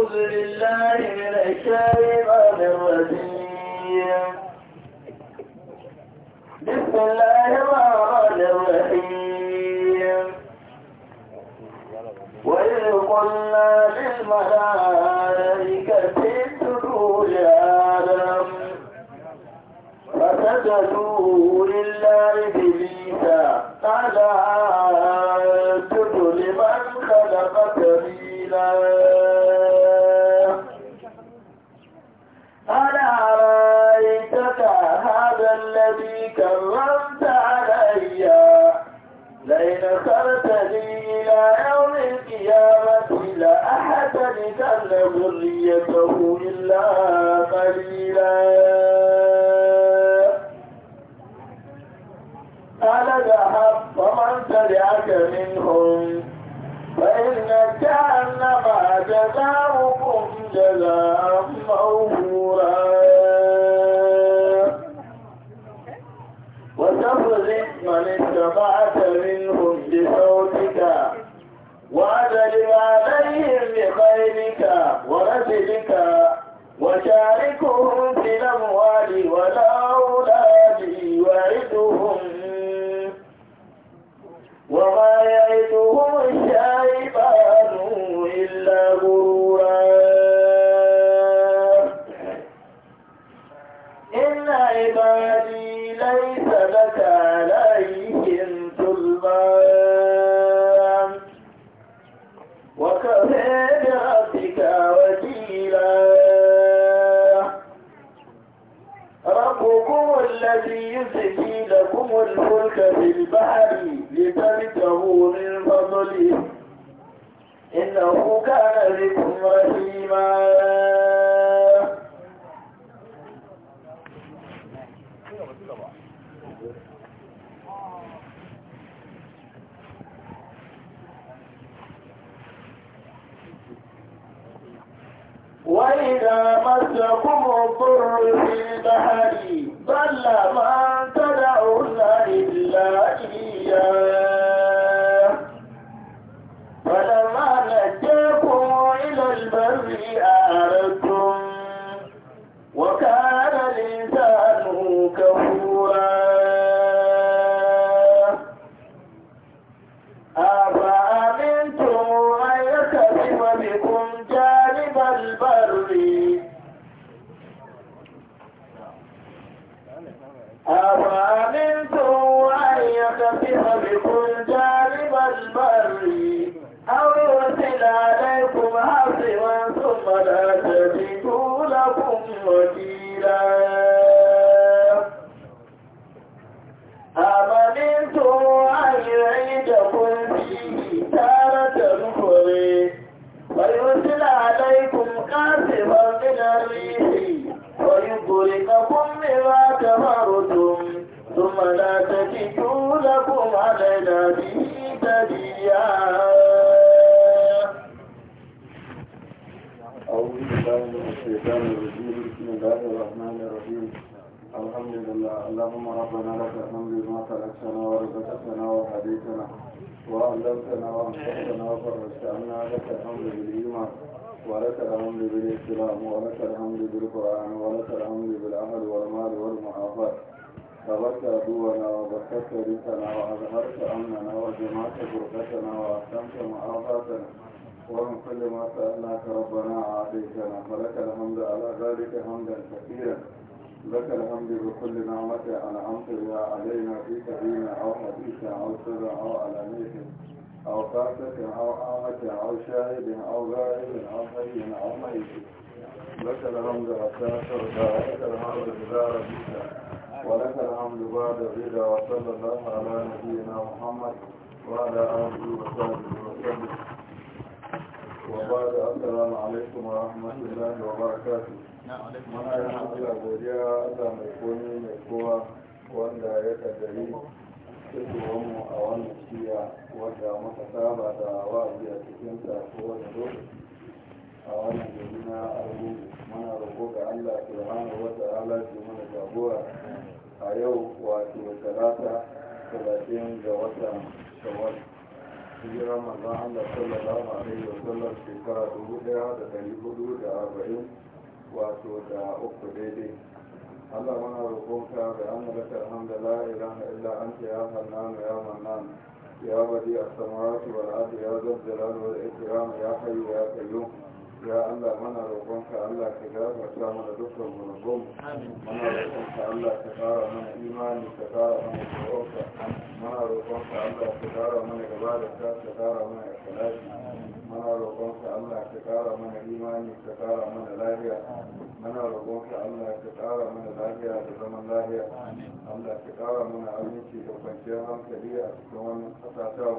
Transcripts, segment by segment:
أعوذ بالله من الشيطان الرجيم بسم الله الرحمن الرحيم وإذ قلنا للملائكة اسجدوا لآدم فسجدوا إلا إبليس قال أسجد لمن خلق سبيلا إلى يوم القيامة لا أحد لكن ذريته إلا قليلا قال ذهب فمن تبعك منهم فإن وتفرق من استطعت منهم بصوتك وعدل عليهم بخيرك ورسلك وشاركهم في الأموال والأولاد وعدهم وما يعدهم الشيطان الشيطان الرجيم بسم الله الرحمن الرحيم الحمد لله اللهم ربنا لك الحمد بما خلقتنا ورزقتنا وحديثنا وعلمتنا وانصرتنا وفرجتنا لك الحمد بالايمان ولك الحمد بالاسلام ولك الحمد بالقران ولك الحمد بالاهل والمال والمعافاه تركت عدونا وبركت ريحنا واظهرت امننا وجمعت غربتنا واحسنت معافاتنا ونصلي ما سألناك ربنا عليك فلك الحمد على ذلك حمدا كثيرا لك الحمد بكل نعمة أنعمت بها علينا في قديم أو حديث أو سر أو علانية أو خاصة أو عامة أو شاهد أو غائب أو حي أو ميت لك الحمد حتى ترضى ولك الحمد إذا ربك ولك الحمد بعد الرضا وصلى الله على نبينا محمد وعلى آله وصحبه وسلم وبعد السلام عليكم ورحمة الله وبركاته muna yi Allah godiya Allah mai komi mai kowa wanda ya kaddari fitowarmu a wannan shiya wanda muka saba da wa'azi a cikinsa kowane lokaci a wannan gari na argungu muna roƙo ga Allah subhanahu wa ta'ala shi a yau wato talata talatin ga watan shawar hijira manzon Allah sallallahu alaihi wa sallam shekara dubu daya da dari hudu da arba'in wato da uku daidai Allah muna roƙonka da an malaka alhamdulillah idan illa an ta ya hannan ya mannan ya bari a samaratu wal ya da wal ikram ya hayyu ya qayyum ya Allah mana roƙonka Allah ka gafarta mana dukkan mu na gom mana roƙonka Allah ka ƙara mana imani ka ƙara mana tsoronka mana roƙonka Allah ka ƙara mana gaba da ka ƙara mana ikhlasi muna roƙonka Allah ka ƙara mana imani ka ƙara mana lafiya muna roƙonka Allah ka ƙara mana lafiya da zaman lafiya Allah ka ƙara mana aminci da kwanciyar hankali a cikin wannan ƙasashen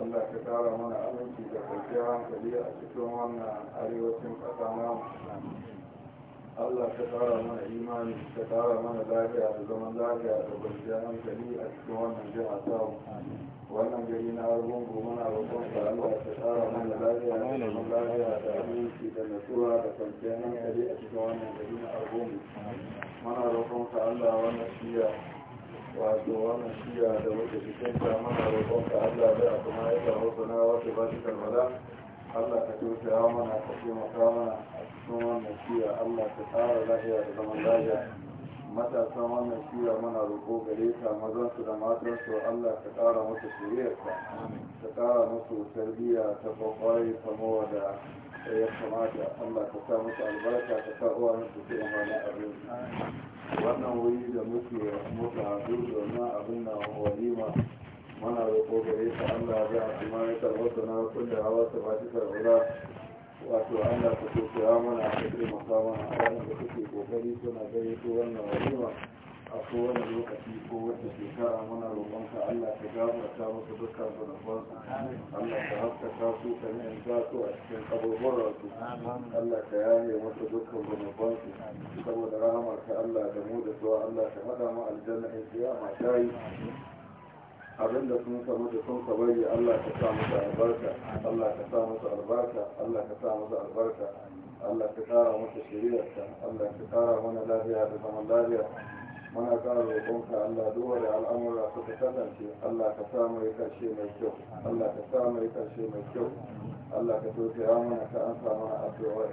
Allah ka ƙara mana aminci da kwanciyar hankali a cikin wannan arewacin ƙasa namu Allah ta ƙara mana imani ta ƙara mana lafiya da zaman lafiya da kwanciyar hankali a cikin wannan jiha tawo wannan gari na argungu muna roƙon ka Allah ta ƙara mana lafiya da zaman lafiya da aminci da natsuwa da kwanciyar hankali a cikin wannan gari na argungu muna roƙon ka Allah wannan shiya wato wannan shiya da wata cikinta muna roƙon ka Allah da kuma ya samu sanawa ta ba shi kalmala Allah ka kyauta mana ka taimaka mana cikin wannan shiya Allah ta tsara lahiya da zaman lahiya matasan wannan shiya muna roƙo gare ka mazansu da matansu Allah ta tsara musu shiriyarka ta tsara musu tarbiyya ta kwakwai samowa da ya kamata Allah ta sa musu albarka ta sa uwa musu su wani abin wannan wuri da muke muka haɗu domin abin na walima Muna roƙo gare ka Allah ya ji a kuma ya karɓar sana kulle hawa su ba shi karɓura wato Allah ka so kira mana a cikin makamana a ranar da kuke kokari suna gayyato wannan walima a kowane lokaci ko wata shekara muna roƙon ka. Allah ka gafarta musu dukkan zunubansu Allah ka haskaka su ka ni'imta su a cikin su. Allah ka yaye musu dukkan zunubansu saboda rahamarka Allah da mu da su Allah ka haɗa mu aljanna in kiyama ta yi abin da sun samu da sun sabari Allah ka sa musu albarka Allah ka sa musu albarka Allah ka sa musu albarka Allah ka kara musu shiriyarka Allah ka kara mana lafiya da zaman lafiya muna kara roƙonka Allah duwa da al'amura su suka kasance Allah ka sa mai karshe mai kyau Allah ka sa mai karshe mai kyau Allah ka so toke ya mana ka an sa mana addu'a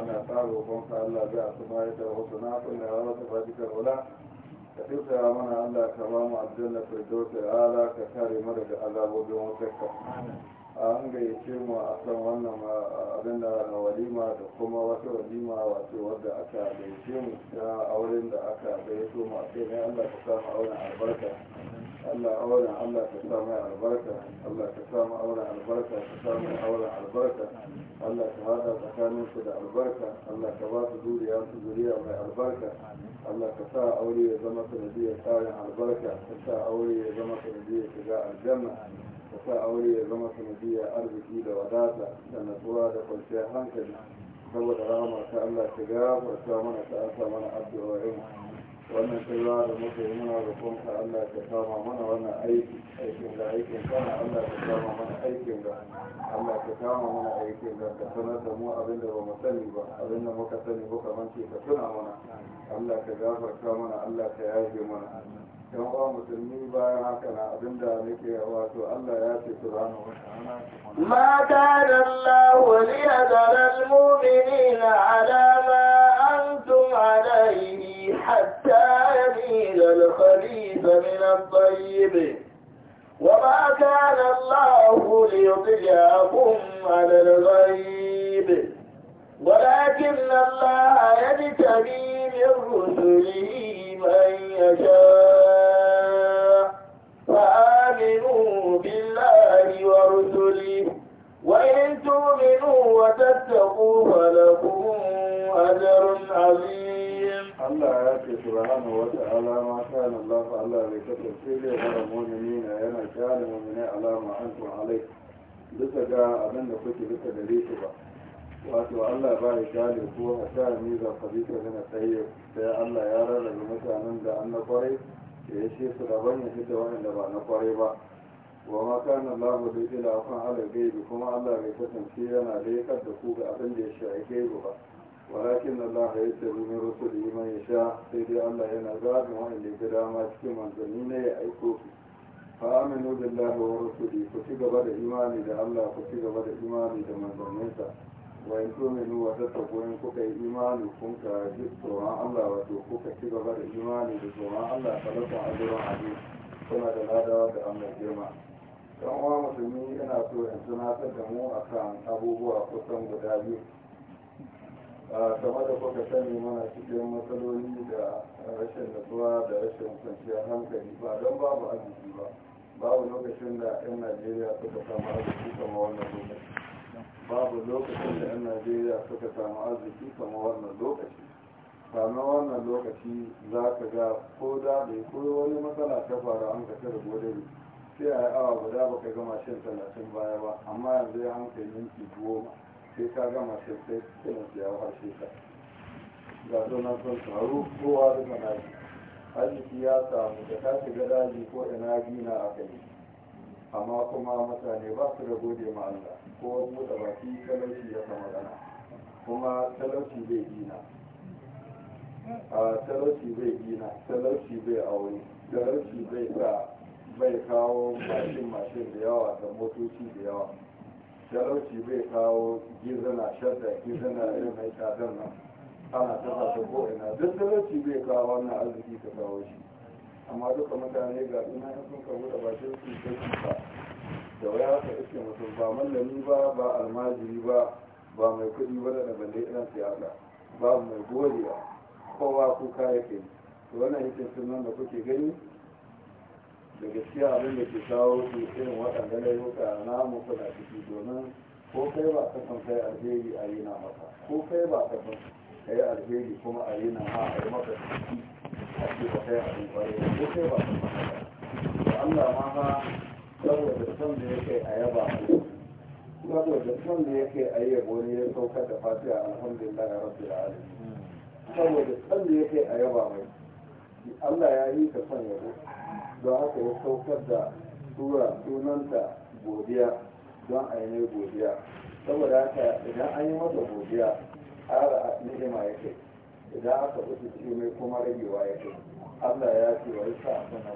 muna kara roƙonka Allah ga asuma ya da wasu na kuma ya wata fadikar wala ka tausaya mana Allah ka ba mu aljanna firdausa ya ala ka kare mu daga azabobin wutarka an gayyace mu a kan wannan abin da na walima da kuma wata walima wato wadda aka gayyace mu ta auren da aka gayyato mu a kai ne Allah ka samu auren albarka Allah auren Allah ka sa albarka Allah ka sa auren albarka ka sa mai auren albarka Allah ka hada tsakanin su da albarka Allah ka ba su zuriya su zuriya mai albarka Allah ka sa aure ya zama sanadiyar tsarin albarka ka sa aure ya zama sanadiyar shiga aljanna ka sa aure ya zama sanadiyar arziki da wadata da natsuwa da kwanciyar hankali saboda rahama ta Allah ka gafarta mana ta asa mana addu'o'in wannan tsayuwa da muke yi muna roƙonka Allah ka kama mana wannan aiki aikin da aikin kana Allah ka kama mana aikin da Allah ka kama mana aikin da ka sanar da mu abin da ba mu sani ba abin da muka sani ko kamar ce ka tuna mana Allah ka gafarta mana Allah ka yaje mana yan uwa musulmi bayan haka na abinda nake wato Allah ya ce subhanahu wa ta'ala ma kana Allah li yadara al-mu'minina ala ma antum alayhi hatta yamila al-khabith min at-tayyib وما كان الله ليطلعكم على الغيب ولكن الله يجتبي من رسله من يشاء صدقوا فلكم أجر عظيم الله يأتي سبحانه وتعالى ما كان الله فعلا بكتفسير غير المؤمنين أنا كان مؤمنين على ما أنتم عليه bisa ga abin da kuke bisa gare su ba wato Allah ba ya gane ko a sha ni za ka bisa gana tsaye Allah ya rarrabe mutanen da an na kwarai da ya da waɗanda ba na kwarai ba wa ma kana Allah da ila kan ala gaibi kuma Allah bai kasance yana da ya kadda ku ga abin da ya shafi gaibi ba walakin Allah ya tabi min iman ya sha sai dai Allah yana zaɓi wanda ya dama cikin manzanni ne ya aiko su fa aminu billahi wa rusuli ku ci gaba da imani da Allah ku ci gaba da imani da manzanninsa wa in tuminu wa tattaku in kuka yi imani kun ka ji tsoron Allah wato kuka ci gaba da imani da tsoron Allah talaka ajiyar abin kuna da ladawa da Allah girma don wa musulmi yana so in tunatar da mu akan abubuwa kusan guda biyu kamar da kuka sani mana cikin matsaloli da rashin natsuwa da rashin kwanciyar hankali ba don babu arziki ba babu lokacin da 'yan najeriya suka samu arziki kama wannan lokaci babu lokacin da 'yan najeriya suka samu arziki kama wannan lokaci kamar wannan lokaci za ka ga ko da bai ko wani matsala ta faru an ka cire godari sai a awa guda baka gama shan talatin baya ba amma yanzu ya hankali minti goma sai ka gama shan sai kiran ya harshe ka ga zonar sun taru kowa duka naji arziki ya samu da ta shiga daji ko ina gina a kai amma kuma mutane ba su da gode ma Allah ko buɗe baki talauci ya sa magana kuma talauci bai gina a talauci bai gina talauci bai aure talauci bai sa bai kawo mashin mashin da yawa da motoci da yawa talauci bai kawo gizana shadda gizana irin mai tsadar nan ana tafa ta ko'ina duk talauci bai kawo wannan arziki ta kawo shi amma duka mutane ga ina sun kawo da bakin su ta kuka da waya ka iske mutum ba mallami ba ba almajiri ba ba mai kuɗi ba da balle irin siyasa ba mai goriya kowa kuka yake to wannan yake sunan da kuke gani da gaskiya abin da ke kawo su irin waɗanda laifuka na muku da ciki domin ko kai ba ka san kai alheri a yi na maka ko kai ba ka san kai alheri kuma a yi na ha a yi maka ciki a ce ba kai abin kwarai ko kai ba ka san kai da Allah ma ha saboda son da yake a yaba saboda son da yake a yabo ne ya saukar da fatiha alhamdulillah ya da alamin saboda san da yake a yaba mai Allah ya yi ka son yabo don haka ya saukar da tura sunanta godiya don a yi godiya saboda haka idan an yi masa godiya ƙara ni'ima ya kai idan aka fi mai kuma ragewa ya kai Allah ya ce wa isa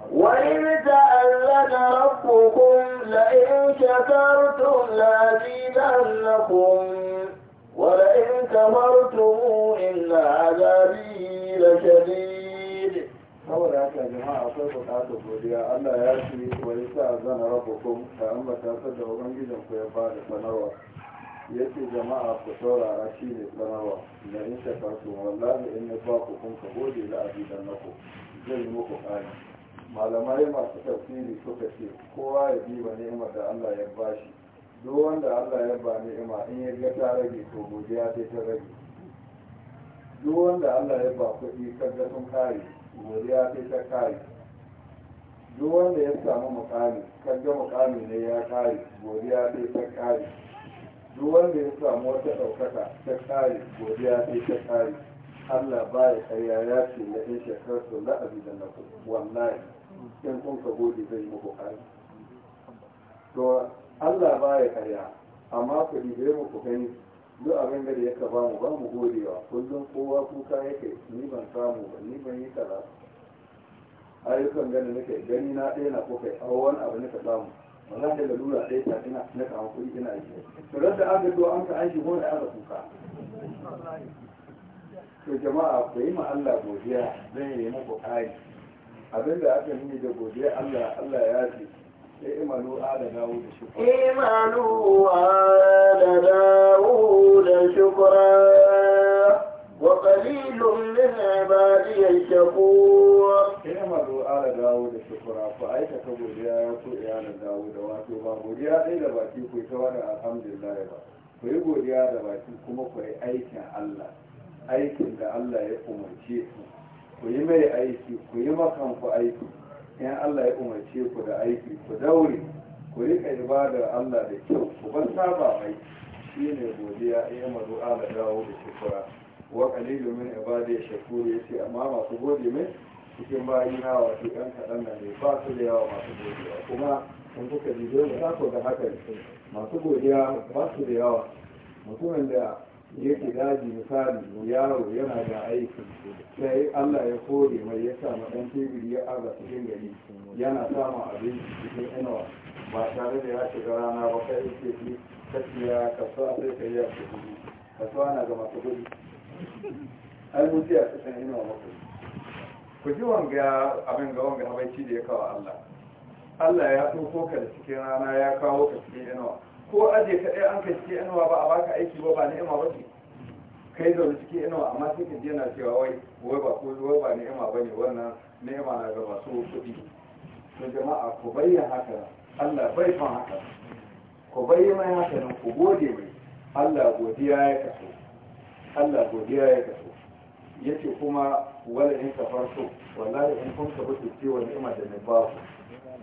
wani ta'allaka rabbukum la in shakartum la zidannakum ولئن كفرتم إن عذابي لشديد saboda haka jama'a akwai bukatar godiya Allah ya ce wa yasa zana rabbukum fa amma ta sadda ubangijin ku ya bada sanarwa yace jama'a ku saurara shi ne sanarwa da in shakartu wallahi in ya ba ku kun ka gode da abidan nako zai muku kari malamai masu tafsiri suka ce kowa ya diba ni'imar da Allah ya bashi duk wanda Allah ya ba ni'ima in ya ga ta rage to godiya sai ta rage duk wanda Allah ya ba kuɗi kaga sun kare godiya sai ta kare duk wanda ya samu mukami kaga mukami ne ya kare godiya sai ta kare duk wanda ya samu wata ɗaukaka ta kare godiya sai ta kare Allah ba ya karya ya ce na ɗin shekar su la'abi da na wallahi in kun ka gode zai muku kare to Allah ba ya karya amma ku ɗibe muku gani duk abin da ya ka bamu ba mu godewa kullum kowa kuka yake ni ban samu ba ni ban yi kaza ayyukan gani nake gani na ɗaya na kuka yi awon abu nika samu ba za ta lura ɗaya ta ina na kawo kuɗi ina yi to da aka zo an ka aiki wani aka kuka to jama'a ku yi ma Allah godiya zan yi muku ƙari abin da aka nuni da godiya Allah Allah ya ji. اعملوا آل داود شكرا اعملوا آل داود شكرا وقليل من عبادي الشكور اعملوا آل داود شكرا فأيك كبريا يوتو آل داود واتو بابوريا إلى باتي كويتوانا الحمد لله با ku yi godiya da baki kuma ku yi aikin Allah aikin da Allah ya umarce ku ku yi mai aiki ku yi makan ku aiki in Allah ya umarce ku da aiki ku daure ku rika ibadar Allah da kyau ku bar saba mai shine godiya ya mazu da dawo da shukura wa qalilu min ibadi shakuru yace amma masu gode mai cikin bayi na wato ɗan kaɗan na ne ba su da yawa masu godiya kuma in kuka ji dole za ku ga haka masu godiya ba su da yawa mutumin da yake daji misali yaro yana da aiki sai allah ya kore mai ya sa madan tebiri ya arza cikin gari yana samun abinci cikin inuwa ba tare da ya shiga rana ba kai yake fi kaciya kasuwa sai ka yi a kuɗi kasuwa na ga masu gudu. ai mutu a san inuwa maku ku ji wanga abin ga wanga habaici da ya kawo allah allah ya ɗauko ka da cikin rana ya kawo ka cikin inuwa ko aje ka ɗaya an kai cikin inuwa ba a baka aiki ba ba ni'ima ba ce kai wani cikin inuwa amma sai ka yana cewa wai wai ba ko wai ba ni'ima ba ne wannan ni'ima na ga masu kuɗi to jama'a ku bayyana haka Allah bai fa haka ku bayyana haka nan ku gode mai Allah godiya ya kaso Allah godiya ya kaso yace kuma wala in kafarto wallahi in kun tabbata cewa ni'ima da ni ba ku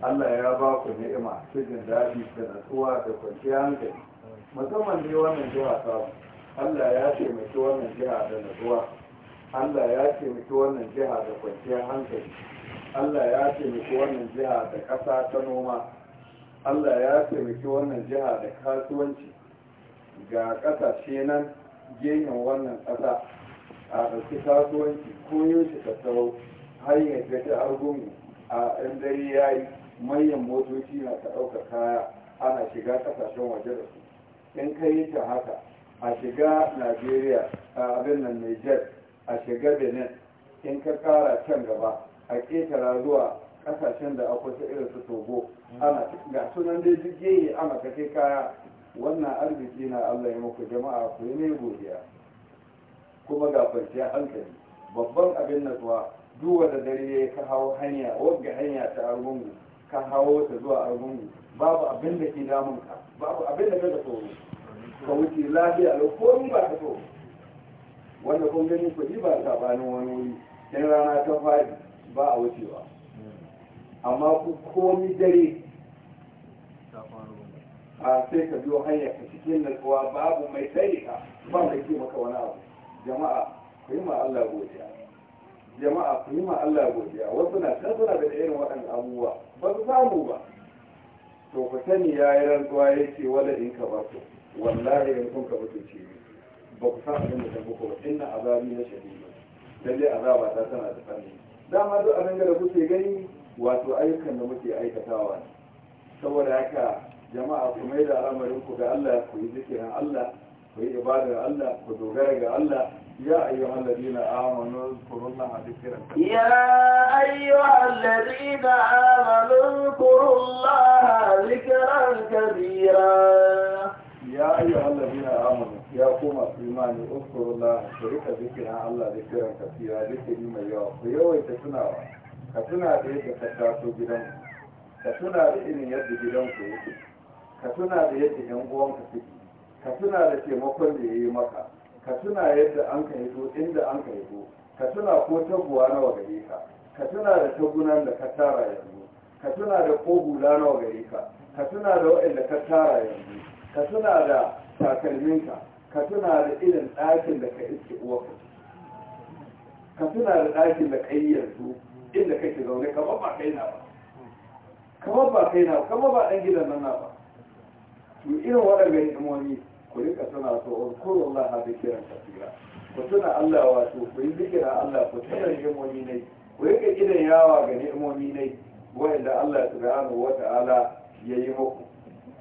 Allah ya ba ku ni'ima cikin daɗi da natsuwa da kwanciyar hankali musamman ne wannan jiha samu Allah ya taimaki wannan jiha da natsuwa Allah ya taimaki wannan jiha da kwanciyar hankali Allah ya taimaki wannan jiha da ƙasa ta noma Allah ya taimaki wannan jiha da kasuwanci ga ƙasashe nan gehen wannan ƙasa a ɗauki kasuwanci ko yaushe ka tsaro har yadda ta argumi a ɗan dare ya yi manyan motoci na ta ɗauka kaya ana shiga ƙasashen waje da su in ka yi ta haka a shiga najeriya a abin nan niger a shiga benin in ka kara can gaba a ƙetara zuwa ƙasashen da akwai su irin su togo ga sunan dai duk yi ana ka kai kaya wannan arziki na allah ya muku jama'a ku yi mai godiya kuma ga kwanciyar hankali babban abin natsuwa duk wanda dare ya ka hau hanya wadda hanya ta argungu ka hawo ta zuwa argungu babu abin da ke damun ka babu abin da kada tsoro ka wuce lafiya da komi ba ka tsoro wanda kun gani kuɗi ba bani wani wuri in rana ta fadi ba a wucewa amma ku komi dare a sai ka biyo hanya ka cikin natsuwa babu mai tsaye ka ba mai ke maka wani abu jama'a ku yi ma Allah godiya jama'a ku yi ma Allah godiya wasu na can suna da irin waɗannan abubuwa ba su samu ba to ku sani ya yi rantsuwa ya ce wala in ka basu wallahi in kun ka basu ce ba ku san abin da ta muku ba inna azabi na shadidi lalle azaba ta tana da tsanani dama duk abin da kuke gani wato ayyukan da muke aikatawa ne saboda haka jama'a ku mai da al'amarin ku ga Allah ku yi zikirin Allah ku yi ibadar Allah ku dogara ga Allah يا أيها الذين آمنوا اذكروا الله ذكرا يا أيها الذين آمنوا اذكروا الله ذكرا كبيرا يا أيها الذين آمنوا يا قوم الإيمان اذكروا الله شريك ذكرا الله ذكرا كثيرا ذكر من يوم ويوم تسنى كتنا بيك كتاسو جدن كتنا بإن يد جدن كتنا بيت ينقوان كتنا بيك مقل يمكا ka tuna yadda an ka hito inda an ka hito ka tuna ko taguwa nawa gare ka ka tuna da tagunan da ka tara yanzu ka tuna da ko hula nawa gare ka ka tuna da waɗanda ka tara yanzu ka tuna da takalminka ka tuna da irin ɗakin da ka iske uwa ka tuna da ɗakin da ka yi yanzu inda ka ke zaune kamar ba kai na ba kamar ba kai na ba, kamar ba ɗan gidan nan na ba to irin waɗannan hidimomi ku rika tana to uzkuru Allah kiran kathira ku suna Allah wato ku yi zikira Allah ku tuna ni'imomi ne ku rika kidan yawa ga ni'imomi ne wanda Allah subhanahu wata'ala ya yi muku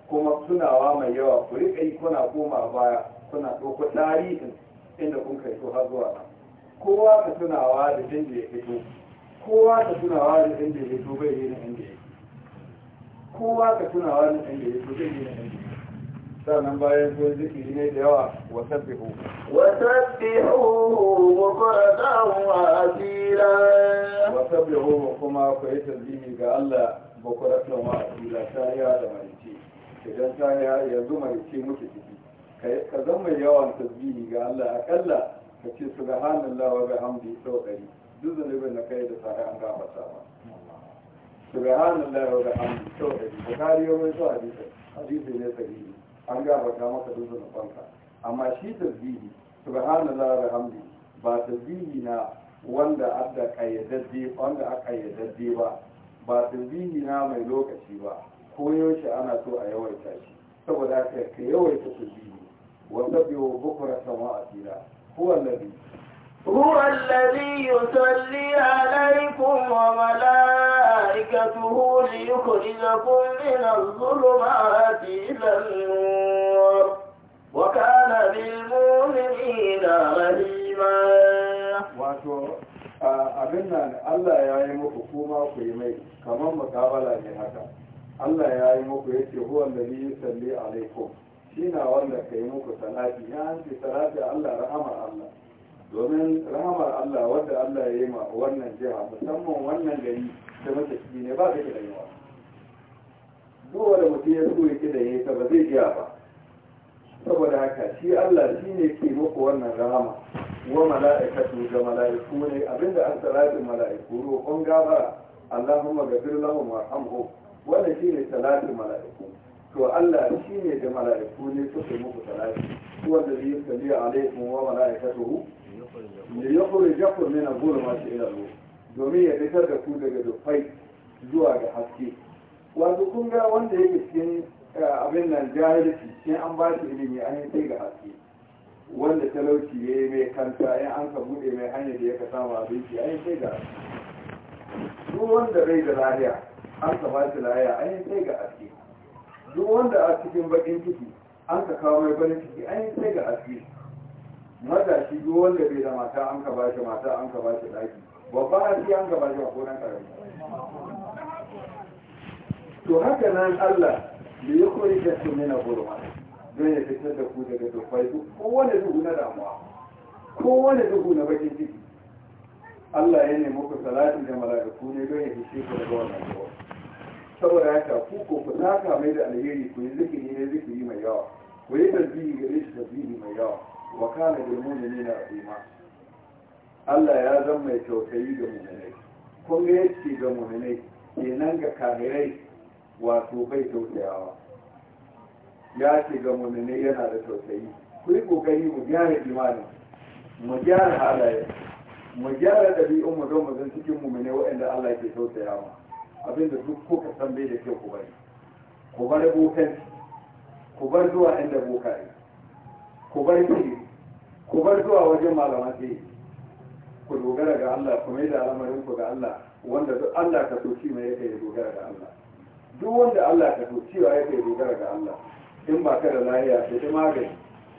kuma tunawa mai yawa ku rika yi kuna koma baya kuna ɗauko tarihin inda kun kai to har zuwa nan kowa ka tunawa da inda ya fito kowa ka tunawa da inda ya fito bai yi na inda ya kowa ka tunawa da inda ya fito bai yi na inda sannan bayan su zikiri ne da yawa wa sabbihu wa sabbihu bukratan wa asila wa sabbihu kuma ku yi tasbihi ga Allah bukratan wa asila tariya da marici idan tariya yanzu marici muke ciki ka zama yawan tasbihi ga Allah akalla ka ce subhanallah wa bihamdi sau ɗari duk nufin na kai da tare an gafarta ba subhanallah wa bihamdi sau ɗari bukari mai zuwa hadisi hadisi ne sahihi an gafarta maka dukkan fanka amma shi tasbihi subhanallahi hamdi ba tasbihi na wanda aka kayyadadde wanda aka kayyadadde ba ba tasbihi na mai lokaci ba ko yaushe ana so a yawaita shi saboda haka ka yawaita tasbihi wa sabbihu bukratan wa huwa alladhi هو الذي يصلي عليكم وملائكته ليخرجكم من الظلمات إلى النور وكان بالمؤمنين رحيما abin nan Allah ya yi muku kuma ku yi mai kamar mukabala ne haka Allah ya yi muku ya ce huwan da alaihi salli alaikum shi na wanda ka yi muku salati ya hanci salati Allah rahama Allah domin rahamar Allah wadda Allah ya yi ma wannan jiha musamman wannan gari da mata ciki ne ba zai da yawa duwa da mutum ya so yake da yayi ta ba zai jiya ba saboda haka shi Allah shi ne ke muku wannan rahama wa mala'ikatu ga mala'iku ne abinda an salatin mala'iku roƙon gabara Allahumma gafir lahum warhamhum wannan shi ne salatin mala'iku to Allah shi ne da mala'iku ne suka muku salati wanda zai yi salli alaikum wa mala'ikatuhu ne ya kuri jafur ne na gura masu ilalo domin ya fitar da ku daga dufai zuwa ga haske wato kun ga wanda yake cikin abin nan jahilci in an ba shi ilimi an yi sai ga haske wanda talauci ya yi mai kanta ya an ka bude mai hanyar da ya ka samu abinci an yi sai ga haske. duk wanda bai da lahiya an ka ba shi lahiya an yi sai ga haske duk wanda a cikin baƙin ciki an ka kawo mai barin ciki an yi sai ga haske shi duk wanda bai da mata an ka bashi mata an ka bashi daki babba har sai an ka bashi a gonan karami to haka nan Allah da ya kori da su nuna gurma don ya fitar da ku daga tuffai duk kowane duhu na damuwa kowane duhu na bakin ciki Allah ya nemi ku salatin da mala'iku ne don ya fice ku daga wannan duhu saboda haka ku ko ku taka mai da alheri ku yi zikiri ne zikiri mai yawa ku yi tasbihi gare shi tasbihi mai yawa wa kana bil na rahima Allah ya zama mai tausayi ga mu'minai kun ga yake ga mu'minai kenan ga kafirai wato bai tausayawa ya ce ga mu'minai yana da tausayi ku yi kokari mu gyara imanin mu gyara halaye. mu gyara ɗabi'un mu don mu zan cikin mu'minai waɗanda Allah ke tausayawa abinda duk kuka san bai da kyau ku bari ku bar bokanci ku bar zuwa inda boka ne ku bar shiri ku bar zuwa wajen malaman sai ku dogara ga Allah ku mai da al'amarin ku ga Allah wanda duk Allah ka soci mai yake ya dogara ga Allah duk wanda Allah ka soci wa yake ya dogara ga Allah in ba ka da lahiya sai dai magani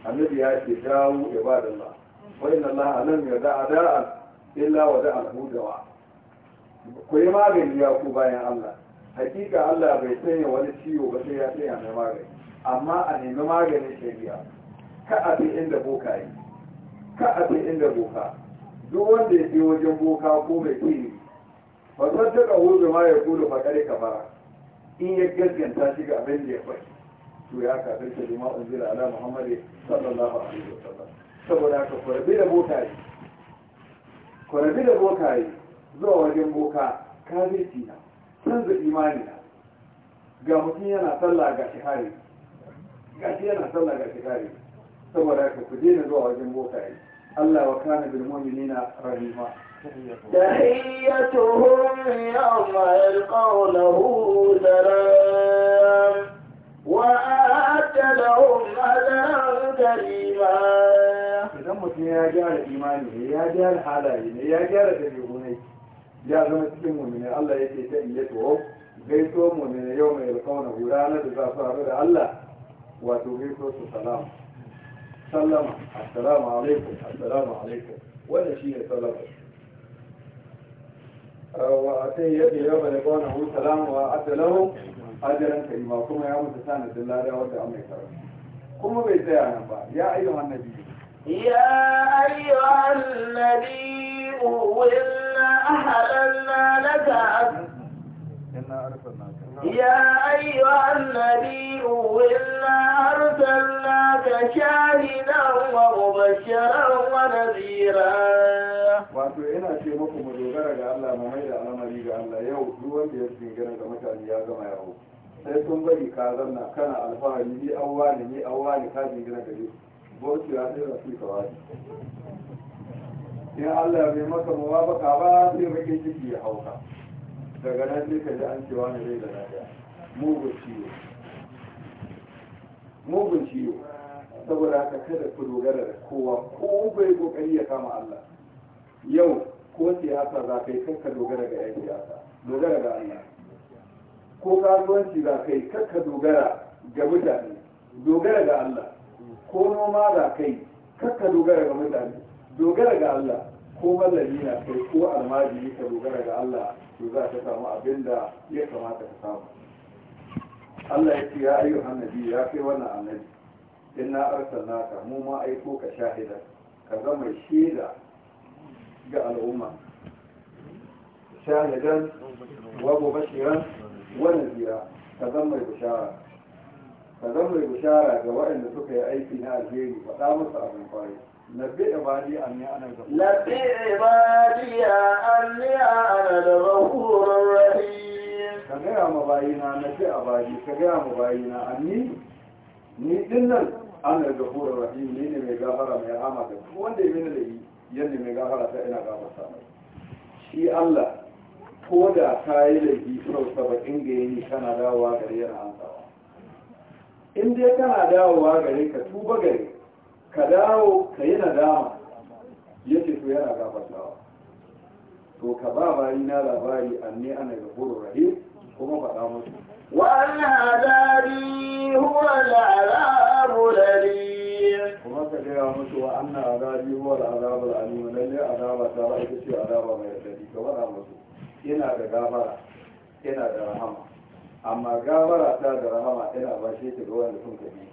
annabi ya ce dawo ibadallah wa inna Allah ya yarda adaa illa wa da'a al-hudawa ku yi magani ya ku bayan Allah hakika Allah bai sanya wani ciwo ba sai ya sanya mai magani amma a nemi maganin shari'a ka abin inda boka yi ka a ce inda boka duk wanda ya je wajen boka ko mai kiri ba san ta kawo ma ya kudu ka kamara in ya gaskanta shi ga abin da ya faɗi to ya kafin ta zama unzila ala muhammad sallallahu alaihi wa sallam saboda ka kwarabi da yi kwarabi da yi zuwa wajen boka ka kafirci na canza imani na ga mutum yana sallah ga shi hari ga shi yana sallah ga shi hari saboda ka ku daina zuwa wajen bokaye Allah wa kana bil mu'minina rahima تحيتهم يوم يلقونه سلام وآت لهم أجرا كريما idan mutum ya gyara imani ne ya gyara halaye ne ya gyara dabi'u ne ya zama cikin mumine Allah yake ta iya to gaito mumine yau mai alƙawana ranar da za su haɗu da Allah wato gaito su salamu سلم السلام عليكم السلام عليكم ولا شيء سلم وأتي يدي يوم لقونه سلام وأتى له أجرا كريما كما يا متسان الدلالة ودع قم كرم كما بيتيا يا أيها النبي يا أيها النبي إنا أحللنا لك إن يا أيها النبي إنا أرسلناك شاهدا ومبشرا ونذيرا wato yana ce muku mu dogara ga Allah mu mai da al'amari ga Allah yau duk wanda ya dogara ga mutane ya zama yawo sai sun bari ka zanna kana alfahari ni awwa ne ni awwa ne ka dogara gare bauchi ya tsira su ka wani in Allah bai maka muwafaka ba sai bakin ciki ya hauka daga nan sai ka ji an cewa ne zai da mugun ciwo mugun ciwo saboda haka kada ku dogara da kowa ko bai kokari ya kama Allah yau ko siyasa za ka yi kakka dogara ga yan siyasa dogara ga Allah ko kasuwanci za ka yi kakka dogara ga mutane dogara ga Allah ko noma za ka yi kakka dogara ga mutane dogara ga Allah ko mallami na kai ko almajiri ka dogara ga Allah to za ka samu abin da ya kamata ka samu Allah ya ce ya ayyuhan nabi ya kai wannan annabi inna arsalnaka mu ma aiko ka shahida ka zama shaida ga al'umma shahidan wa mubashiran wa nadira ka zama bishara ka zama bishara ga waɗanda suka yi aiki na alheri faɗa musu abin kwarai labbi ibadi ya ana da labbi ibadi ya ana da ghafurur rahim ka gaya ma bayina labbi ibadi ka gaya ma bayina anni ni din nan ana da ghafurur rahim ni ne mai gafara mai rahama da duk wanda ya mini da yi yadda mai gafara ta ina gafarta mai shi Allah ko da ka yi laifi sau saba'in ga yini kana dawowa gare yana ansawa in dai kana dawowa gare ka tuba gare ka dawo ka yi nadama ya ce to yana gafartawa to ka ba bayi na labari anni ana gafurur rahim kuma faɗa musu wa al'adari huwa al'azabu lalim kuma ka gaya musu wa anna azabi huwa al'azabu lalim lalle azaba ta ba ita ce azaba mai radadi ka faɗa musu yana da gafara yana da rahama amma gabara ta da rahama tana bashe ta ga wanda sun kabi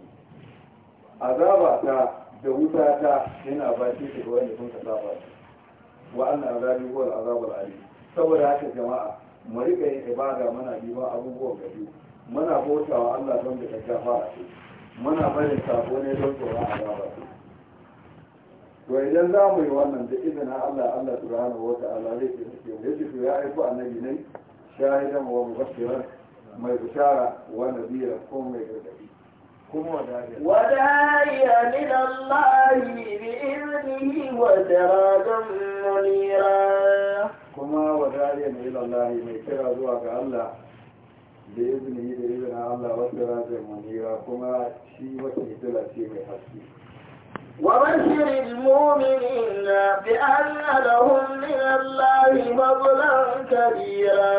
azaba ta da wuta ta yana bashe ta ga wanda sun saba shi wa anna azabi huwa al-azabul ali saboda haka jama'a mu riƙa yin ibada muna biban abubuwan gari muna bautawa Allah don da gaggafa a ce muna barin sako ne don tsoron azaba to idan za mu yi wannan da izinin Allah Allah subhanahu wa ta'ala zai ce ya yi ku ya aiko annabi ne shahidan wa mubashiran mai bishara wa nadira ko mai gargadi وداعيا من الله بإذنه وسراجا منيرا كما وداعيا إلى الله من كرا زواك الله بإذنه بإذن الله وسراجا منيرا كما شيء وكيدلا شيء حسين وبشر المؤمنين بأن لهم من الله فضلا كبيرا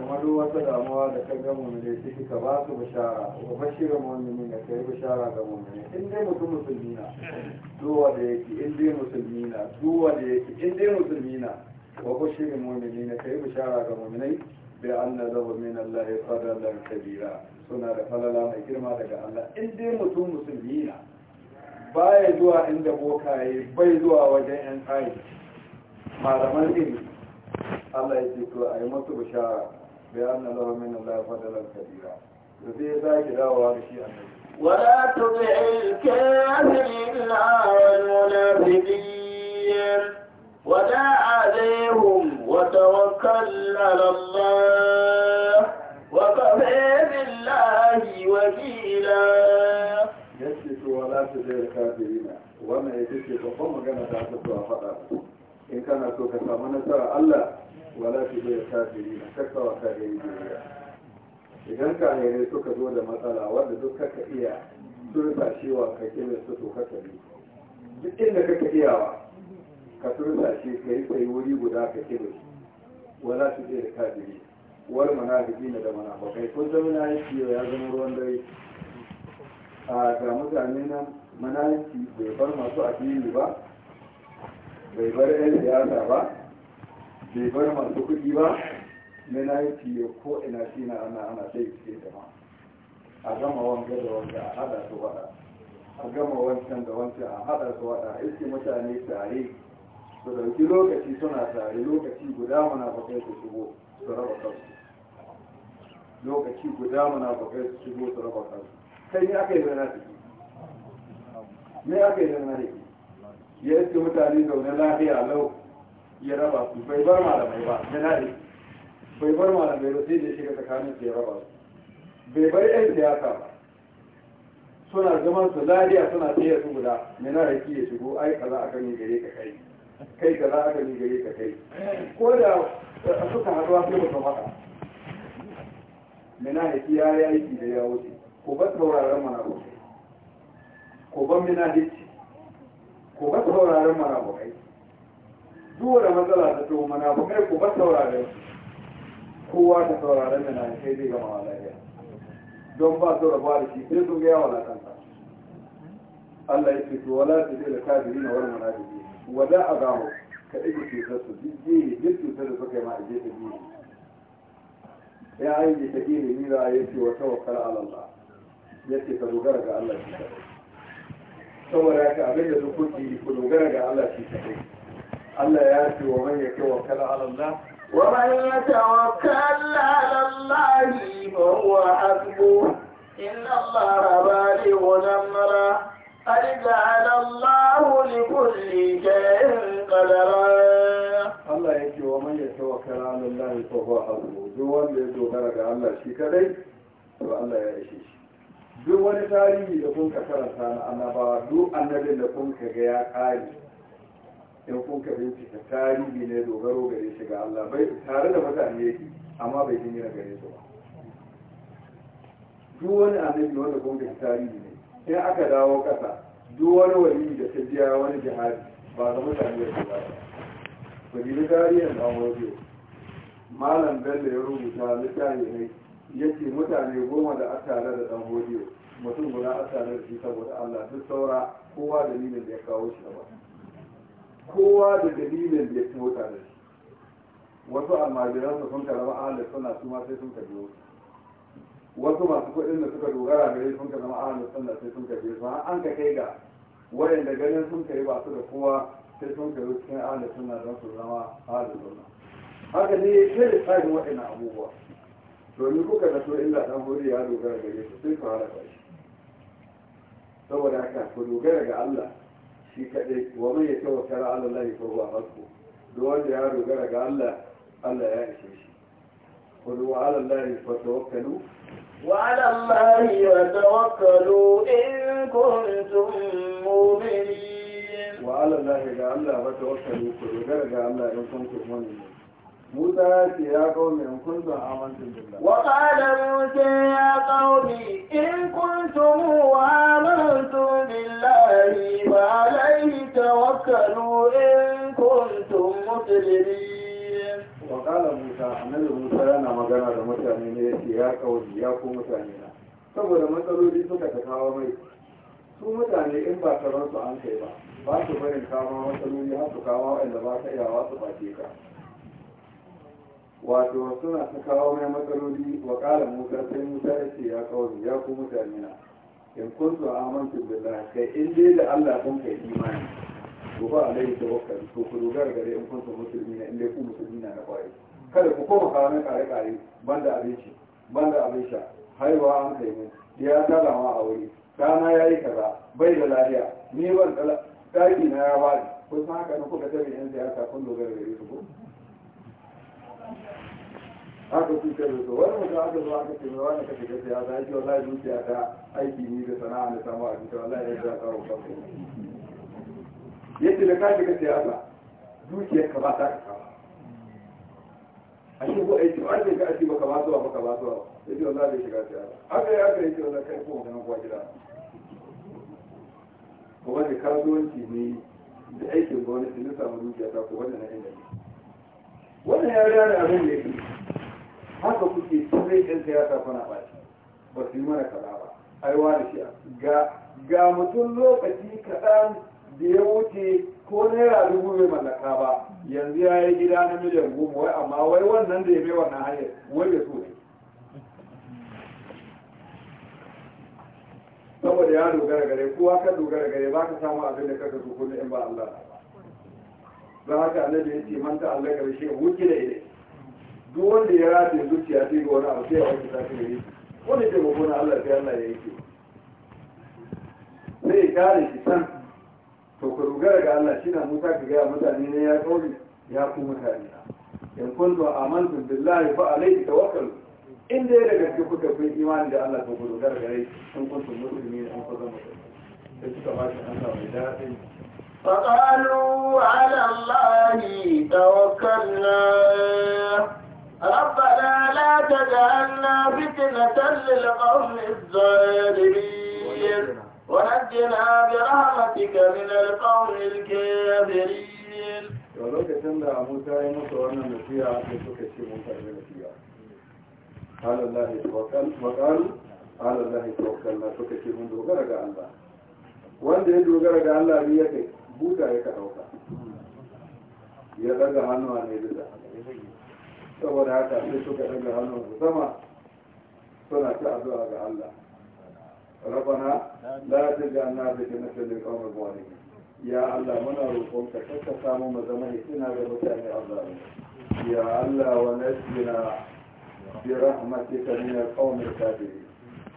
ومدو وصل أموال كجم من ليسه كباس بشارة وبشر المؤمنين كي بشارة كمؤمنين إن دي مسلمين دوا ديك إن دي مسلمين دوا ديك إن دي مسلمين وبشر المؤمنين كي بشارة كمؤمنين بأن لهم من الله فضلا كبيرا سنة فللا ما يكرم هذا الله إن دي مسلمين baya zuwa inda bokaye bai zuwa wajen yan ayi malaman ilmi Allah ya ce to a yi masu bishara bayan na zama min Allah ya fadalar kabira da zai zaki dawowa da shi annabi ولا تطع الكافرين والمنافقين wa عليهم وتوكل على الله وكفى بالله wakila. yake cewa la ta zai kafirina wannan ya ce babban magana da aka zuwa faɗa in kana so ka samu nasara Allah wala ta zai ka kakkawa kafirin duniya idan ka kafirai suka zo da matsala wanda duk kaka iya turta cewa ka kira su to ka tabi. duk inda kaka iyawa ka turta shi ka yi sai wuri guda ka kira wala ta zai kafirina wal munafiki da munafikai kun zama na yi ya zama ruwan dare ga mutane nan manaki bai bar masu addini ba bai bar yan siyasa ba bai bar masu kuɗi ba manaki ya ko ina shi na ana ana sai suke jama a gama wanga da wanga a hada su wada a gama wancan da wancan a hada su wada iske mutane tare su dauki lokaci suna tare lokaci guda mana bakai su shigo su raba kansu lokaci guda mana bakai su shigo su raba kansu sai ya kai zana da me ya kai zana da ya iske mutane zaune lafiya lau ya raba su bai bar malamai ba yana da bai bar malamai ba sai da shiga tsakanin su ya raba su bai bar yan siyasa ba suna zaman su lafiya suna tsaye su guda yana da ya shigo ai kaza akan yi gare ka kai kai kaza akan yi gare ka kai ko da eh, suka haɗuwa sai ba su faɗa mina da ya yi aiki da ya wuce ko ba sauraron marabokai ko ban minadici ko ba sauraron marabokai duwara matsala ta to marabokai ko ba sauraron kowa ta sauraron minadici zai gama lafiya don ba su rabuwa da shi sai sun gaya wa lakanta Allah ya ce to wala zai da kafiri na wani munafiki wada a gawo ka ɗage cutar su jijjiri duk cutar da suka yi ma a ne. ya aiki ta iri ni ra'ayi ce wa wakar alallah yake ka dogara ga Allah shi kadai saboda haka abin da duk kuke ku dogara ga Allah shi kadai Allah ya ce wa man yatawakkala ala Allah ومن يتوكل على الله فهو حسبه إن الله بالغ أمره قد جعل الله لكل شيء قدرا Allah ya ce wa man ya tawakkala ala Allah fa huwa hasbuh duk wanda ya dogara ga Allah shi kadai to Allah ya ishe duk wani tarihi da kun ka karanta na annabawa duk annabin da kun ka ga ya kare in kun ka bincika tarihi ne dogaro gare shi ga Allah bai tare da mutane yake amma bai na gare su ba duk wani annabi wanda kun ka tarihi ne in aka dawo kasa duk wani wani da ta biya wani jihadi ba ga mutane yake ba ku ji tarihin da wajen malam bello ya rubuta littafi ne ya ce mutane goma da aka tare da dan hodiyo mutum guda a tare da shi saboda Allah duk saura kowa dalilin da ya kawo shi ba kowa da dalilin da ya kawo tare da shi wasu almajiran su sun karama ahalar suna su ma sai sun biyo wasu masu kuɗin da suka dogara gare sun ka zama ahalar suna sai sun biyo su an ka kai ga wayanda ganin sun kai ba su da kowa sai sun kai cikin ahalar suna don su zama ahalar suna haka ne sai da tsarin waɗannan abubuwa domin kuka da so illa ɗan hori ya dogara gare su sai su halaka shi saboda haka ku dogara ga Allah shi kadai wa man yatawakkala ala Allah fa huwa hasbu duk wanda ya dogara ga Allah Allah ya ishe shi qul wa ala Allah fatawakkalu wa ala Allah fatawakkalu in kuntum mu'minin wa ala Allah ga Allah fatawakkalu ku dogara ga Allah in kuntum mu'minin موسى يا قوم إن كنتم آمنتم بالله وقال موسى يا قوم إن كنتم آمنتم بالله فعليه توكلوا إن كنتم مسلمين وقال موسى النبي موسى أنا مجانا لمتانين يا قوم يا قوم متانين saboda matsaloli suka ta kawo mai su mutane in ba taron su an kai ba ba su barin kawo matsaloli har su kawo waɗanda ba ta iyawa su bace ka wato suna ta kawo mai matsaloli wa ƙara musa sai musa ya ce ya kawo ya ku mutane na in kuntu da billah kai in dai da Allah kun kai imani ku ba alai tawakkal to ku dogara gare in kuntu musulmi na in dai ku musulmi na da kwari kada ku koma kawo na kare kare banda abinci banda abin sha haihuwa an kai mun ya tara ma a wuri dana ya yi kaza bai da lafiya ni ban tsala ɗaki na ya bani kusan haka na kuka tabi yan siyasa kun dogara gare su ko aka kuka da su wani mutum aka zo aka ce wani kake ka shiga siyasa yake wallahi zuciya ta aiki ni da sana'a da samu a cikin wallahi ya za ka rubuta yadda da ka shiga siyasa zuciyar ka ba ta ka kama a shi ko aiki ba ne ka aiki ba ka ba zuwa ba ka ba zuwa yake wallahi zai shiga siyasa aka yi aka yake wallahi kai kuma ganin kuwa gida kuma da kasuwanci ne da aikin gwamnati na samu zuciya ta kuma da na inda ne wannan ya rana abin da yake haka kuke sai ɗan siyasa kuna bashi ba su yi mana kaza ba aiwa da shi ga mutum lokaci kaɗan da ya wuce ko naira dubu bai mallaka ba yanzu ya yi gida na miliyan goma wai amma wai wannan da ya mai wannan hanyar wai bai so ne saboda ya dogara gare kowa ka dogara gare ba ka samu abin da kaka so ko in ba Allah ba don haka annabi ya ce manta ta Allah karshe wuce da ile duk wanda ya rataye zuciya sai ga wani abu sai ya wuce ta kai yake wani ce gobe na Allah sai Allah ya yake sai ya kare shi san to ku dogara ga Allah shi na Musa ka ga mutane ne ya kauri ya ku mutane in kuntu amantu billahi fa alayhi tawakkalu in dai da gaske kuka kun imani da Allah to ku dogara gare shi in kuntu ne an kusa mutum sai suka ba shi an sa mai daɗin فقالوا على الله توكلنا ربنا لا تجعلنا فتنة للقوم الظالمين ونجنا برحمتك من القوم الكافرين ولوكacin da Musa ya musu wannan nasiha sai suka ce mun الله توكل وقال على الله توكلنا suka ce mun dogara ga Allah wanda ya dogara ga Allah ne ya buta ya ka ɗauka ya ɗaga hannuwa ne da saboda haka sai suka ɗaga hannun su sama suna ta addu'a ga Allah rabana la tajanna bi jannatin lil qawmi zalimin ya Allah muna roƙon ka kaka samu mu zama hikima ga mutane azzalimi ya Allah wa nasina bi rahmatika min al qawmi kafirin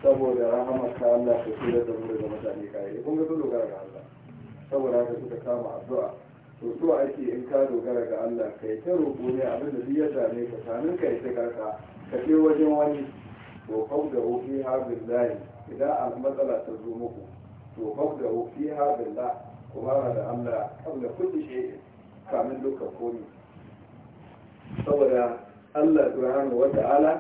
saboda rahmatka Allah ka tsira da mu daga mutane kai kun ga dole ga Allah saboda haka suka kama addu'a to so ake in ka dogara ga Allah kai ta roƙo ne abin da ya same ka sanin kai ta karka ka je wajen wani to kau da ofi ha billahi idan a matsala ta zo muku to kau da ofi ha billah kuma da Allah kabla kulli shay'in kamin duka komi saboda Allah subhanahu wa ta'ala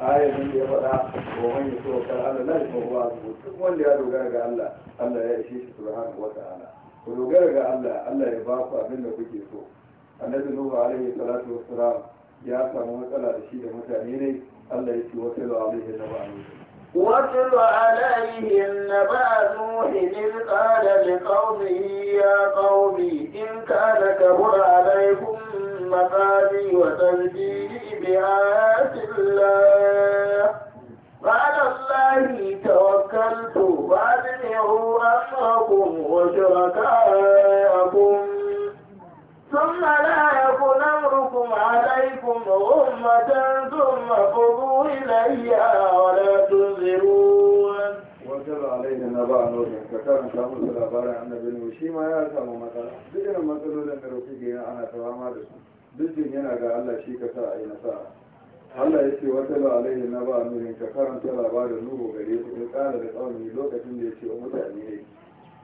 ayatun da ya faɗa wa man yi tsohon Allah la yi tsohon wanda ya dogara ga Allah Allah ya ishe shi subhanahu wa ta'ala ku dogara ga Allah Allah ya ba ku abin da kuke so annabi nuhu alaihi salatu wassalam ya samu matsala da shi da mutane ne Allah ya ce wa sallallahu alaihi wa sallam واتل عليهم نبأ نوح إذ قال لقومه يا قوم إن كان كبر عليكم مقامي وتذكيري بآيات الله وعلى الله توكلت وأجمعوا أمركم وشركاءكم ثم لا يكن أمركم عليكم غمة ثم قضوا إليها ولا تنذرون wajen alaina na ba a nodin ka karanta musu labarin annabi nuhu shi ma ya samu matsala duk irin matsalolin da rufi ga ana tawama da su duk yana ga Allah shi ka sa a yi nasara Allah ya ce wata ba alaihi na ba nuhin ka karanta labarin nuhu gare su in tsara da kauni lokacin da ya ce wa mutane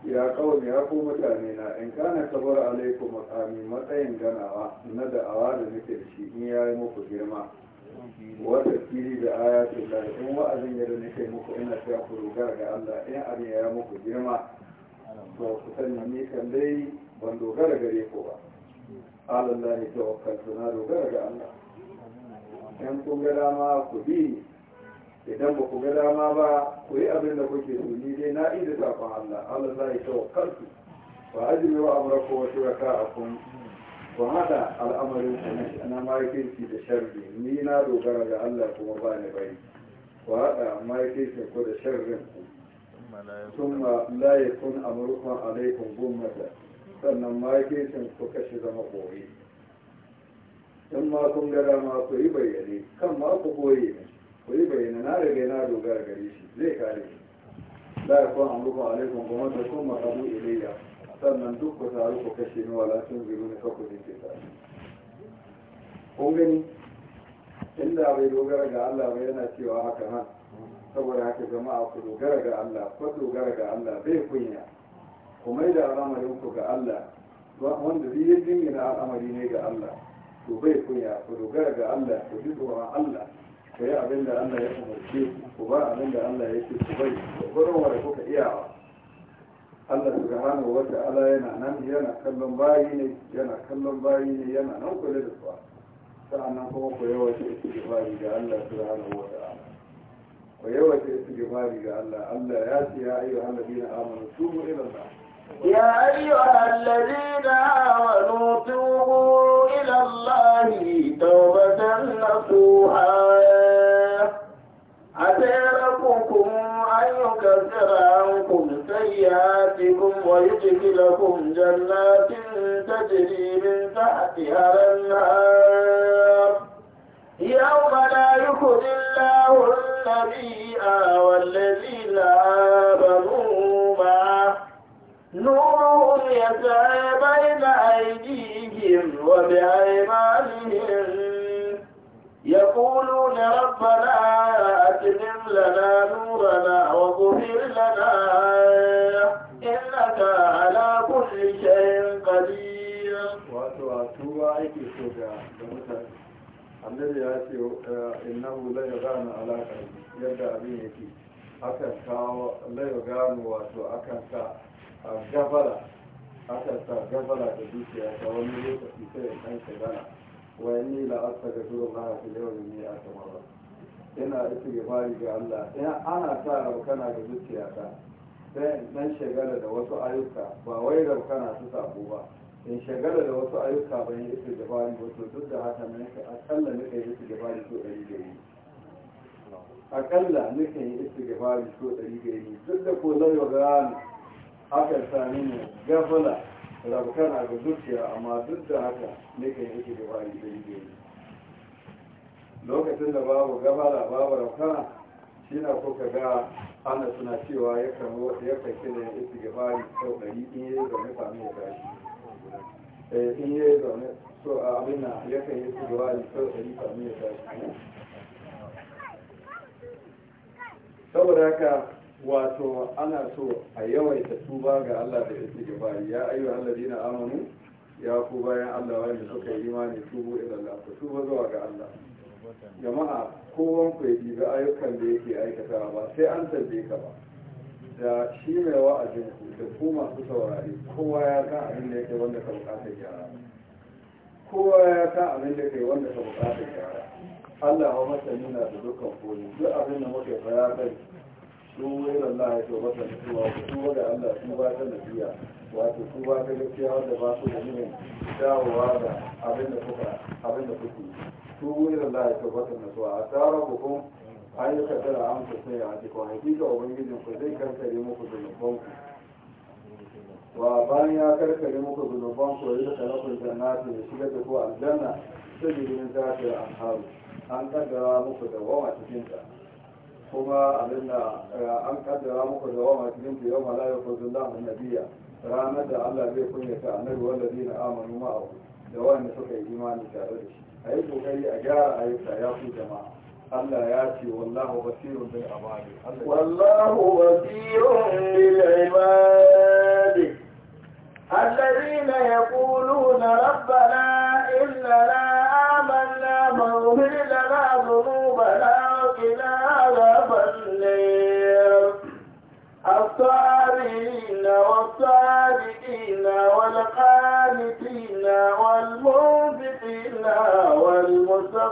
ne ya kauni ya ko mutane na in kana kabar alaikum makami matsayin ganawa na da'awa da nake da shi in yayi muku girma wata fili da ce da in wa'azin yadda nake muku ina ta ku dogara ga Allah in abin ya muku girma to ku sani ni kan dai ban dogara gare ku ba alallahi tawakkaltu na dogara ga Allah in kun ga dama ku bi idan ba ku ga dama ba ku yi abin da kuke so ni dai na iya zafin Allah Allah zai tawakkaltu wa ajru wa amraku a shuraka'akum ku hada al'amarin ku na ma'aikinki da sharri ni na dogara ga Allah kuma ba ni bai ku hada ma'aikinki ku da sharrin ku ثم لا يكون أمركم عليكم sannan ma'aikinkin ku kashe zama koyi in ma kun ga ma ku yi bayyane kan ma ku ne ku yi bayyane na riga na dogara gare shi zai kare shi la yakun amrukum alaikum kuma ta kuma abu ilayya sannan duk ku taru ku kashe ni wala sun zuru ne ku dinke ta kun gani inda bai dogara ga Allah ba yana cewa haka nan saboda haka jama'a ku dogara ga Allah ku dogara ga Allah bai kunya ku mai da al'amarin ku ga Allah wanda zai yi jingina al'amari ne ga Allah to bai kunya ku dogara ga Allah ku ji tsoron Allah ku yi abin da Allah ya umarce ku ba abin da Allah ya ce ku bai gurin wanda kuka iyawa Allah subhanahu wa ta'ala yana nan yana kallon bayi ne yana kallon bayi ne yana nan kula da su sa'annan kuma ku yawaita bayi ga Allah subhanahu wa ta'ala ku yawaita bayi ga Allah Allah ya ce ya ayyuhal ladina amanu tubu ila Allah يا أيها الذين آمنوا توبوا إلى الله توبة نصوحا عسى ربكم أن يكفر عنكم سيئاتكم ويدخلكم جنات تجري من تحتها الأنهار يوم لا يخزي الله النبي والذين آمنوا نورهم يسعى بين أيديهم وبأيمانهم يقولون ربنا أتمم لنا نورنا واغفر لنا إنك على كل شيء قدير وأتوا أيدي الشجاع annabi ya ce innahu la yaganu ala qalbi yadda abin yake akan kawo la yaganu wato akan sa a gabara aka sa gabara da dukiya ta wani lokaci sai ya kan shagala wani la'asta ga turu na hafi yau da ni a kamar ina isi gabari ga Allah ina ana sa raukana da dukiya ta sai dan shagala da wasu ayyuka ba wai raukana su sabo ba in shagala da wasu ayyuka ba ne bari gabari to duk da haka ne ka akalla nika yi ga gabari ko ɗari da yi akalla nika yi ga gabari ko ɗari da yi duk da ko zai wa gani haka sani ne gafala rabukan a zuciya amma duk da haka ne kan yake da wani daidai lokacin da babu gabara babu rabukana shi na kuka ga ana suna cewa ya kama wata ya kai kila ya isi gafari sau ɗari in yi zaune sami ya tashi eh, in yi zaune so a abin na ya kai isi gafari sau ɗari sami ya tashi saboda haka wato ana so a yawaita tuba ga Allah da istighfari ya ayu alladina amanu ya ku bayan Allah wani suka yi imani tubu ila Allah ku tuba zuwa ga Allah jama'a kowan ku yi ga ayyukan da yake aikata ba sai an tabbe ka ba da shi mai wa'azin ku da ku masu saurari kowa ya ka abin da yake wanda ka bukata gyara kowa ya ka abin da kai wanda ka bukata gyara Allah ya masa nuna da dukkan koyi duk abin da muke fara kai tuwai Allah ya tabbata da ku tuwa da Allah ba ta lafiya wato ba ta gaskiya wanda ba su da nuna dawowa da abin da kuka abin da kuke tuwai Allah ya da a tsara hukum ayyuka tara an ku sai a cikin hakika ubangijin ku zai karkare muku zunuban ku wa bayan ya karkare muku zunuban ku yi da kalafin jannati da shiga da ku aljanna sai da yin zafi a haru an kaddara muku da wawa cikin kuma abinda eh, an kaddara muku da wa masu yau ma la yakun da annabiya ranar da Allah zai kunyata annabi zai na amanu abu da wanda suka yi imani tare da shi a yi kokari a gyara ayyuka ya ku jama'a Allah ya ce wallahu basirun bil ibadi wallahu basirun bil ibadi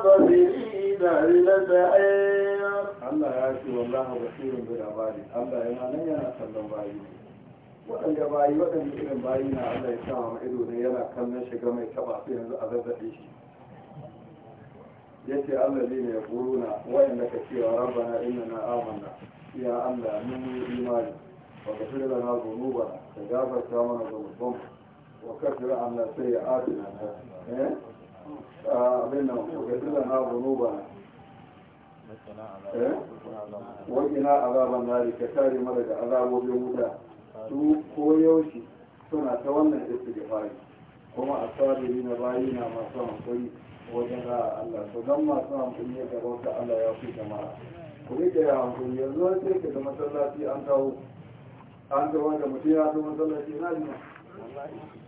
sabirina lasa'ir Allah ya ce wallahu basirun bil abadi Allah yana nan yana kallon bayi waɗanda bayi waɗanda irin bayi na Allah ya sa ma ido ne yana kallon shiga mai taba su yanzu a zazzabe shi Ya ce Allah ne ya buruna waɗanda ka ce wa cewa rabbana innana amanna ya Allah mun yi imani wa kafir lana ba, ka gafarta mana dhunubanmu wa sai ya sayyi'atina eh Ah, abin nan na gano eh? wakina azaban nari ka kare mara da azabobin wuta su koyaushe suna ta wannan fari kuma a sabiri na bayi na masu hankali wajen a Allah su don masu hankali ya gabata Allah ya fi jama'a ku rike ya hankali yanzu wani ce ka da masallaci an kawo an kawo wanda mutum ya zo masallaci na ne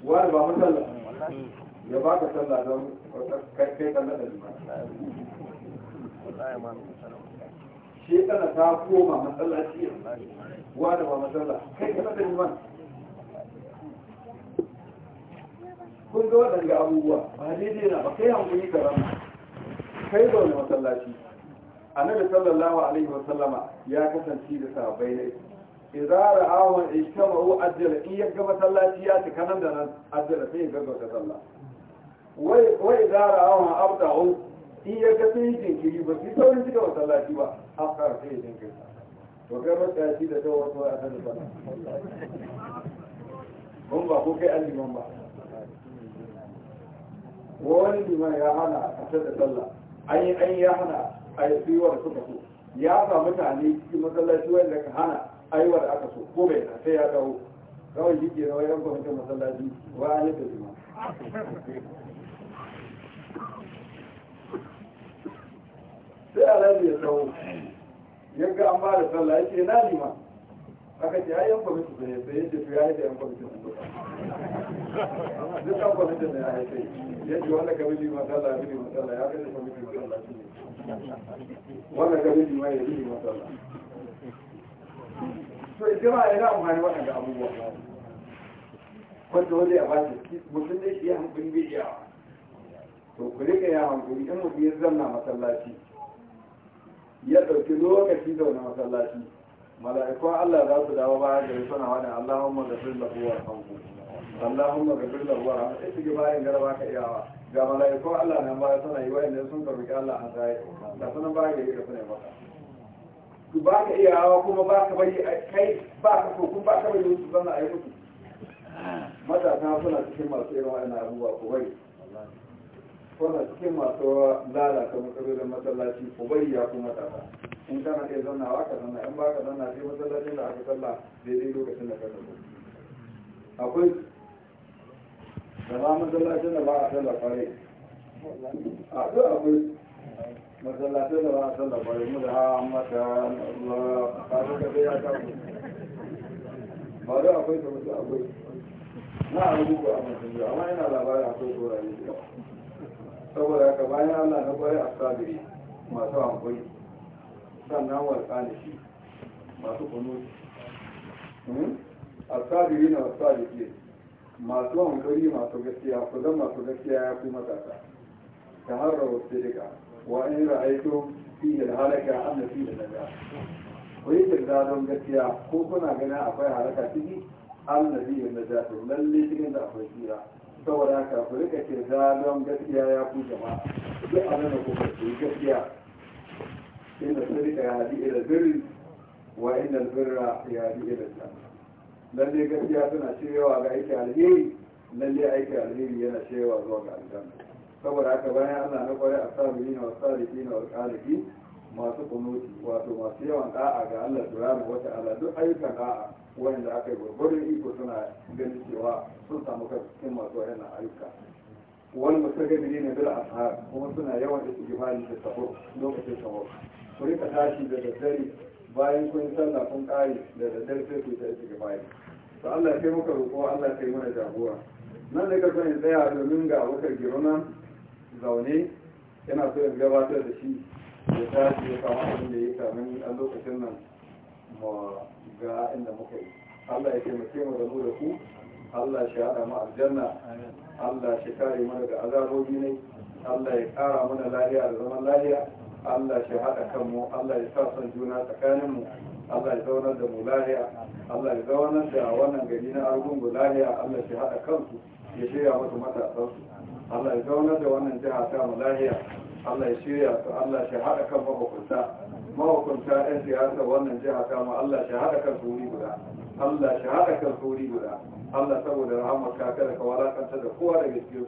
wani ba masallaci ya ba ka sallah don kai kai sallah da liman shi kana ta koma masallaci wa da ba masalla kai ka sallah liman kun ga waɗanda abubuwa ba daidai na ba kai hankali karama kai zaune masallaci annabi sallallahu alaihi sallama ya kasance da sahabbai ne idza ra'ahu ijtama'u ajjala in yaga masallaci ya tuka nan da nan ajjala sai ya gaggauta sallah wai a awon abda'u in ya ga sun yi jinkiri ba su saurin cika masallaci ba haka sai ya jinkiri to kai masallaci da ta wasu a kan sana kun ba ko kai alliman ba wani liman ya hana a da sallah an yi an ya hana a yi tsiwar suka so ya sa mutane cikin masallaci wanda ka hana a yi aiwar aka so ko bai na sai ya dawo kawai shi ke rawar yan kwamitin masallaci wa an yi da liman sai alhaji ya tsawo yanka an ba da sallah ya ce na lima aka ce ya yan kwamitin da ya sai ya ce to ya haita yan kwamitin da ya duk an kwamitin da ya haita ya ce wanda ka bibi masala bibi masala ya kashe kwamitin masala shi ne wanda ka bibi ma ya bibi masala to ijima yana amfani waɗanda abubuwa wanda wanda ya bashi mutum da shi ya hankali bai iya to ku rika ya hankali in mutum ya zanna masallaci ya ɗauki lokaci da wani masallaci mala'ikun Allah za su dawo bayan da suna wani Allahumma gafir lahu wa hanku Allahumma gafir lahu wa rahmuhu sai bayan gara baka iyawa ga mala'ikun Allah nan baya suna yi wayan sun karbi Allah an sai da sunan baya gari da suna baka ku baka iyawa kuma baka bari kai baka so kuma baka bari su zanna yi mutu matasa suna cikin masu irin wannan abubuwa ku bari wannan cikin masu lalata matsalolin masallaci ko bari ya kuma tafa in kana iya wa ka zanna in ba ka zanna sai masallacin da aka sallah daidai lokacin da ka zanna akwai da ba masallacin da ba a tsalla kwarai a duk akwai masallacin da ba a tsalla kwarai mu da hawa mata Allah ka ga da ya ta ba da akwai ta mutu akwai na abubuwa a masallaci amma yana labarin akwai tsoron yau saboda ka bayan allah na kwarai asabiri masu amfani sannan walƙa da shi masu kunuti hmm? asabiri na asabiri masu amfani masu gaskiya ku zan masu gaskiya ya fi matasa ta harra wasu daga wa in ra'aito fi da halaka an da fi da daga ku yi kirda don gaskiya ko kuna ganin akwai halaka ciki an da fi da daga lalle cikin da akwai tsira saboda haka ku rika kirza don gaskiya ya ku jama'a duk abin da kuka yi gaskiya inda sun rika ya haɗi ila birri wa inda birra ya haɗi ila sama lalle gaskiya suna cewa ga aiki alheri lalle aiki alheri yana cewa zuwa ga aljanna saboda haka bayan Allah na kwarai asabiyi na wasaliki na wasaliki masu kunuti wato masu yawan da'a ga Allah subhanahu wata'ala duk ayyukan da'a wanda aka yi gwargwadon iko suna ganin cewa sun samu cikin masu wayan ayyuka wani musagabiri ne bila ashar kuma suna yawan da suke bayan da sabo lokacin sabo ku rika tashi da daddare bayan kun sallah kun kare da daddare sai ku tashi ga bayan to Allah ya kai muka roƙo Allah ya kai mana jagora nan da karfin ya tsaya domin ga wakar girona zaune yana so in gabatar da shi ya tashi ya kama abin da ya a lokacin nan ga inda muka yi Allah ya taimake mu da mu da ku Allah shi hada mu aljanna Allah shi kare mana da azabobi ne Allah ya kara mana lafiya da zaman lafiya Allah shi hada kanmu Allah ya sa son juna tsakanin mu Allah ya zaunar da mu lafiya Allah ya zaunar da wannan gari na argungu lafiya Allah shi hada kansu ya shirya musu su. Allah ya zaunar da wannan jiha ta mu lafiya Allah ya shirya su Allah shi hada kan mahukunta mahukunta 'yan siyasa wannan jiha ta ma Allah shi haɗa kan turi guda Allah shi haɗa kan turi guda Allah saboda rahamar ka kada ka walakanta da kowa daga cikin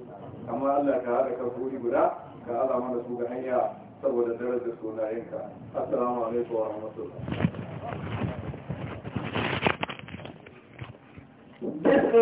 amma Allah ka haɗa kan turi guda ka alama da su ga hanya saboda darajar sunayenka assalamu alaikum wa rahmatullah